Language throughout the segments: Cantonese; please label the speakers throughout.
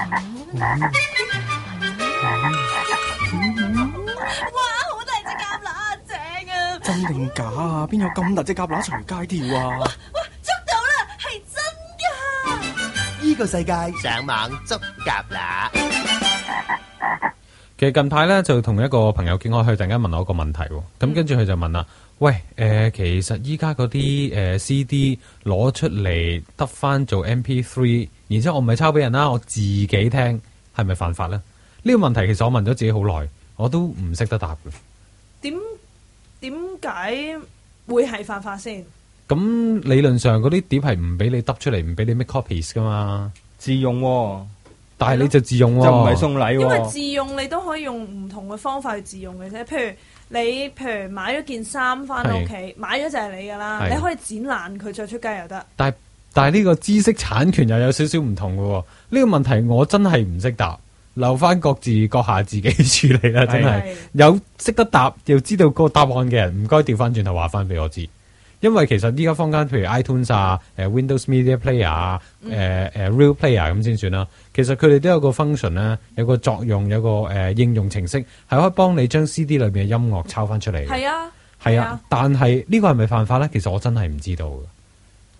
Speaker 1: 嗯
Speaker 2: 嗯嗯嗯、哇！好大隻蛤乸正啊！
Speaker 1: 真定假啊？邊有咁大隻蛤乸隨街跳啊？哇！
Speaker 2: 捉到啦，係真
Speaker 1: 㗎！呢個世界上網捉蛤乸。其實近排咧就同一個朋友見我，佢突然間問我一個問題，咁跟住佢就問啦：嗯、喂，誒、呃，其實依家嗰啲誒 CD 攞出嚟，得翻做 MP3，然之後我唔係抄俾人啦，我自己聽係咪犯法咧？呢、這個問題其實我問咗自己好耐，我都唔識得答嘅。
Speaker 2: 點點解會係犯法先？
Speaker 1: 咁理論上嗰啲碟係唔俾你得出嚟，唔俾你 make copies 噶嘛？自用、哦。但係你就自用喎、啊，就唔係送禮。因為自
Speaker 2: 用你都可以用唔同嘅方法去自用嘅啫，譬如你譬如買咗件衫翻屋企，是買咗就係你噶啦，是你可以剪爛佢着出街又得。
Speaker 1: 但係但係呢個知識產權又有少少唔同嘅、啊、呢、這個問題我真係唔識答，留翻各自閣下自，自己處理啦，真係是有識得答又知道個答案嘅人，唔該調翻轉頭話翻俾我知。因為其實依家坊間譬如 iTunes 啊、誒 Windows Media Player 啊、誒、啊、誒 Real Player 咁先算啦。其實佢哋都有個 function 咧，有個作用，有個誒、啊、應用程式係可以幫你將 CD 裏邊嘅音樂抄翻出嚟。係
Speaker 2: 啊，係啊。啊
Speaker 1: 啊但係呢、這個係咪犯法咧？其實我真係唔知道。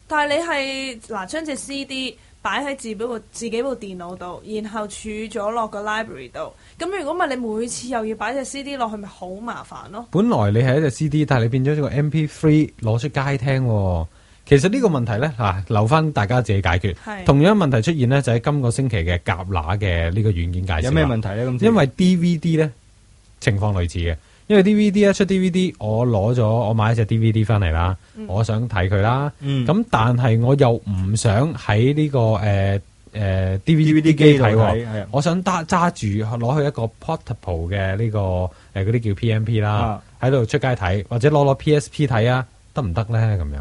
Speaker 2: 但係你係嗱，將隻 CD。擺喺自己部自己部電腦度，然後儲咗落個 library 度。咁如果唔係，你每次又要擺隻 CD 落去，咪好麻煩咯。
Speaker 1: 本來你係一隻 CD，但係你變咗一個 MP3 攞出街聽，哦。其實呢個問題咧，吓留翻大家自己解決。是同樣問題出現呢，就喺、是、今個星期嘅夾乸嘅呢個軟件介紹。有咩問題呢？咁因為 DVD 咧情況類似嘅。因為 D V D 啊，出 D V D，我攞咗我買隻 D V D 翻嚟啦，嗯、我想睇佢啦。咁、嗯、但係我又唔想喺呢、呢個誒誒 D V D 機睇，我想揸揸住攞去一個 portable 嘅呢、呢個誒嗰啲叫 P M P 啦，喺度、啊、出街睇，或者攞攞 P S P 睇啊，得唔得咧？咁樣？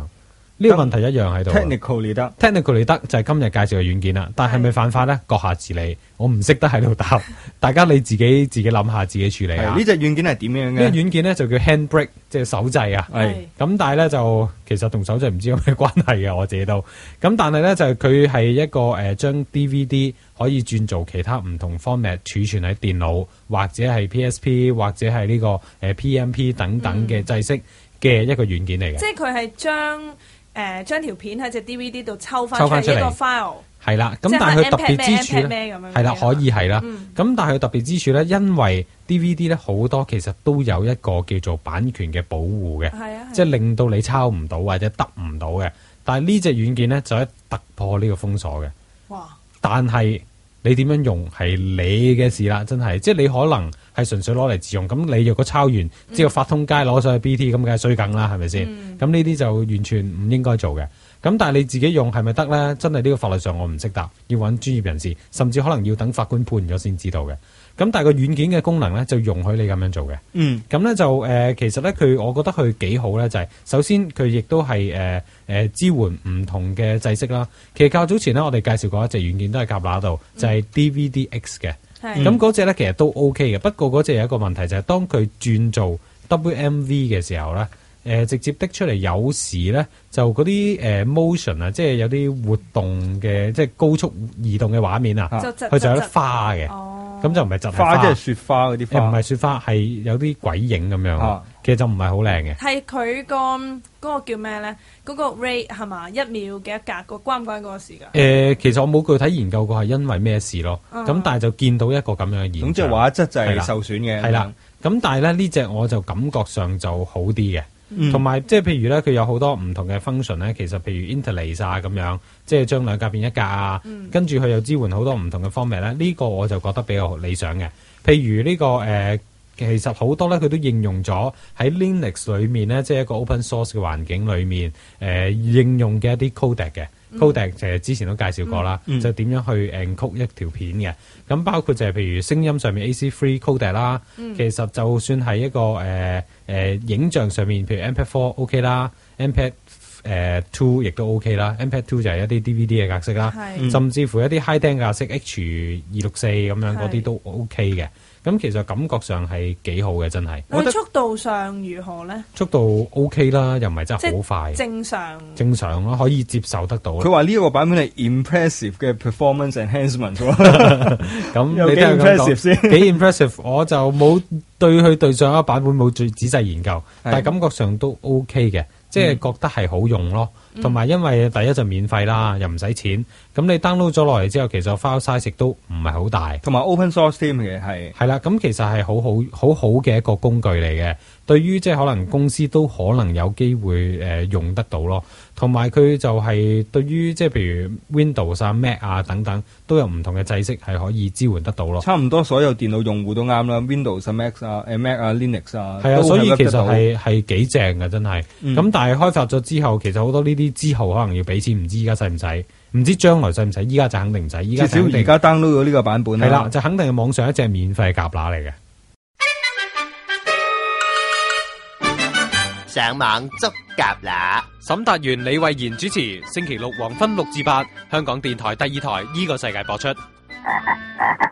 Speaker 1: 呢個問題一樣喺度。technically 得 technically 得，就係今日介紹嘅軟件啦。但係咪犯法咧？閣下自理，我唔識得喺度答。 大家你自己自己諗下，自己處理啊。呢隻軟件係點樣嘅？呢個軟件咧就叫 Handbrake，即係手掣啊。係是。咁、嗯、但係咧就其實同手掣唔知有咩關係嘅，我自己都。咁但係咧就係佢係一個誒將、呃、DVD 可以轉做其他唔同 format 儲存喺電腦或者係 PSP 或者係呢、這個誒、呃、PMP 等等嘅制式嘅一個軟件嚟嘅、嗯。即係
Speaker 2: 佢係將。誒，將條、呃、片喺隻 DVD 度抽翻抽翻出嚟個 file，
Speaker 1: 係啦。咁但係佢特別之處咧，係啦麼、啊，可以係啦、啊。咁、嗯、但係佢特別之處咧，因為 DVD 咧好多其實都有一個叫做版權嘅保護嘅，啊啊、即係令到你抄唔到或者得唔到嘅。但係呢隻軟件咧就喺突破呢個封鎖嘅。哇！但係。你點樣用係你嘅事啦，真係，即係你可能係純粹攞嚟自用，咁你若果抄完之後發通街攞上去 BT 咁，梗係衰梗啦，係咪先？咁呢啲就完全唔應該做嘅。咁但係你自己用係咪得呢？真係呢個法律上我唔識答，要揾專業人士，甚至可能要等法官判咗先知道嘅。咁但係個軟件嘅功能咧，就容許你咁樣做嘅。嗯，咁咧就誒、呃，其實咧佢，我覺得佢幾好咧，就係、是、首先佢亦都係誒誒支援唔同嘅制式啦。其實較早前咧，我哋介紹過一隻軟件都係夾乸度，就係、是、DVDX 嘅。咁嗰隻咧，其實都 OK 嘅。不過嗰隻有一個問題，就係、是、當佢轉做 WMV 嘅時候咧，誒、呃、直接的出嚟有時咧，就嗰啲誒 motion 啊，即係有啲活動嘅，即係高速移動嘅畫面啊，佢就有啲花嘅。哦。咁就唔係集花，花即係雪花嗰啲。唔係雪花，係有啲鬼影咁樣。啊、其實就唔係好靚嘅。係
Speaker 2: 佢個嗰個叫咩咧？嗰、嗰個 rate 係嘛？一秒幾一格，格？關關個關唔關嗰個事噶？誒、呃，
Speaker 1: 其實我冇具體研究過係因為咩事咯。咁、啊、但係就見到一個咁樣嘅現象。咁即係畫質就係受損嘅。係啦了。咁樣但係咧呢隻、這個、我就感覺上就好啲嘅。同埋即係譬如咧，佢有好多唔同嘅 function 咧，其實譬如 interlace 啊咁樣，即係將兩格變一格啊，嗯、跟住佢又支援好多唔同嘅 format 咧，呢個我就覺得比較理想嘅。譬如呢、這個誒、呃，其實好多咧，佢都應用咗喺 Linux 裏面咧，即係一個 open source 嘅環境裏面，誒、呃、應用嘅一啲 codec 嘅。Codec、嗯、其實之前都介紹過啦，嗯、就點樣去 encode 一條片嘅，咁包括就係譬如聲音上面 AC3 codec 啦，嗯、其實就算係一個誒誒、呃呃、影像上面譬如 MP4 OK 啦，MP 誒，two 亦都 OK 啦，MP2 就係一啲 DVD 嘅格式啦，甚至乎一啲 Hi-Def 嘅格式 H 二六四咁樣，嗰啲都 OK 嘅。咁其實感覺上係幾好嘅，真係。喺速
Speaker 2: 度上如何呢？
Speaker 1: 速度 OK 啦，又唔係真係好快，
Speaker 2: 正常。
Speaker 1: 正常咯，可以接受得到。佢話呢一個版本係 impressive 嘅 performance enhancement，咁你聽下咁講，幾 impressive？我就冇對佢對上一個版本冇最仔細研究，但係感覺上都 OK 嘅。即係覺得係好用咯，同埋、嗯、因為第一就免費啦，嗯、又唔使錢，咁你 download 咗落嚟之後，其實 file size 都唔係好大，同埋 open source team 嘅係係啦，咁其實係好，好好好好嘅一個工具嚟嘅。對於即係可能公司都可能有機會誒、呃、用得到咯，同埋佢就係對於即係譬如 Windows 啊、Mac 啊等等都有唔同嘅制式係可以支援得到咯。差唔多所有電腦用戶都啱啦，Windows 啊、Mac 啊、Mac 啊、Linux 啊，係啊，啊，所以其實係係幾正嘅真係。咁、嗯、但係開發咗之後，其實好多呢啲之後可能要俾錢，唔知而家使唔使？唔知將來使唔使？依家就肯定唔使。至少而家 download 咗呢個版本係、啊、啦、啊，就肯定係網上一隻免費蛤乸嚟嘅。上網足夠能。審訊員李慧嫻主持，星期六黃昏六至八，香港電台第二台呢、這個世界播出。